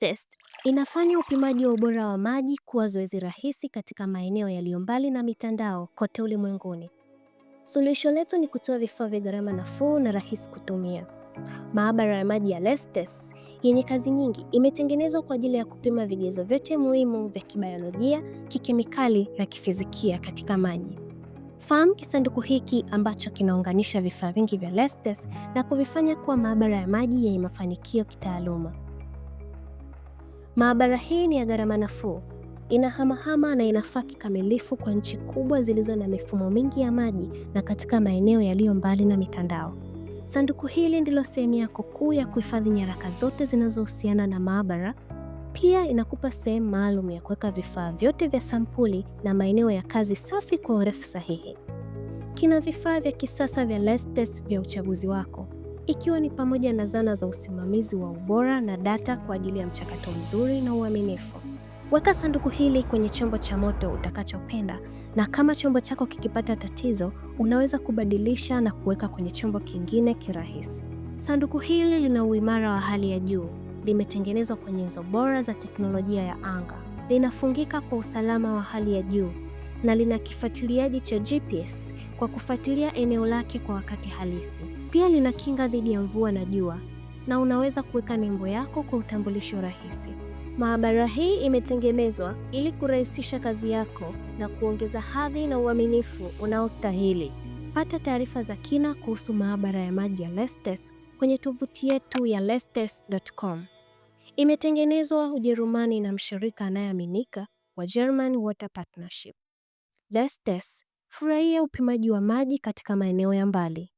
Test inafanya upimaji wa ubora wa maji kuwa zoezi rahisi katika maeneo yaliyo mbali na mitandao kote ulimwenguni. Suluhisho letu ni kutoa vifaa vya gharama nafuu na rahisi kutumia. Maabara ya maji ya LETZTEST yenye kazi nyingi imetengenezwa kwa ajili ya kupima vigezo vyote muhimu vya kibayolojia, kikemikali na kifizikia katika maji. Fahamu kisanduku hiki ambacho kinaunganisha vifaa vingi vya LETZTEST na kuvifanya kuwa maabara ya maji yenye mafanikio kitaaluma. Maabara hii ni ya gharama nafuu, inahamahama na inafaa kikamilifu kwa nchi kubwa zilizo na mifumo mingi ya maji na katika maeneo yaliyo mbali na mitandao. Sanduku hili ndilo sehemu yako kuu ya kuhifadhi nyaraka zote zinazohusiana na maabara. Pia inakupa sehemu maalum ya kuweka vifaa vyote vya sampuli na maeneo ya kazi safi kwa urefu sahihi. Kina vifaa vya kisasa vya LAS vya uchaguzi wako ikiwa ni pamoja na zana za usimamizi wa ubora na data kwa ajili ya mchakato mzuri na uaminifu. Weka sanduku hili kwenye chombo cha moto utakachopenda, na kama chombo chako kikipata tatizo, unaweza kubadilisha na kuweka kwenye chombo kingine kirahisi. Sanduku hili lina uimara wa hali ya juu, limetengenezwa kwa nyenzo bora za teknolojia ya anga, linafungika kwa usalama wa hali ya juu na lina kifuatiliaji cha GPS kwa kufuatilia eneo lake kwa wakati halisi. Pia lina kinga dhidi ya mvua na jua, na unaweza kuweka nembo yako kwa utambulisho rahisi. Maabara hii imetengenezwa ili kurahisisha kazi yako na kuongeza hadhi na uaminifu unaostahili. Pata taarifa za kina kuhusu maabara ya maji ya Lestes kwenye tovuti yetu ya lestes.com. Imetengenezwa Ujerumani na mshirika anayeaminika wa German Water Partnership lestes Furahia upimaji wa maji katika maeneo ya mbali.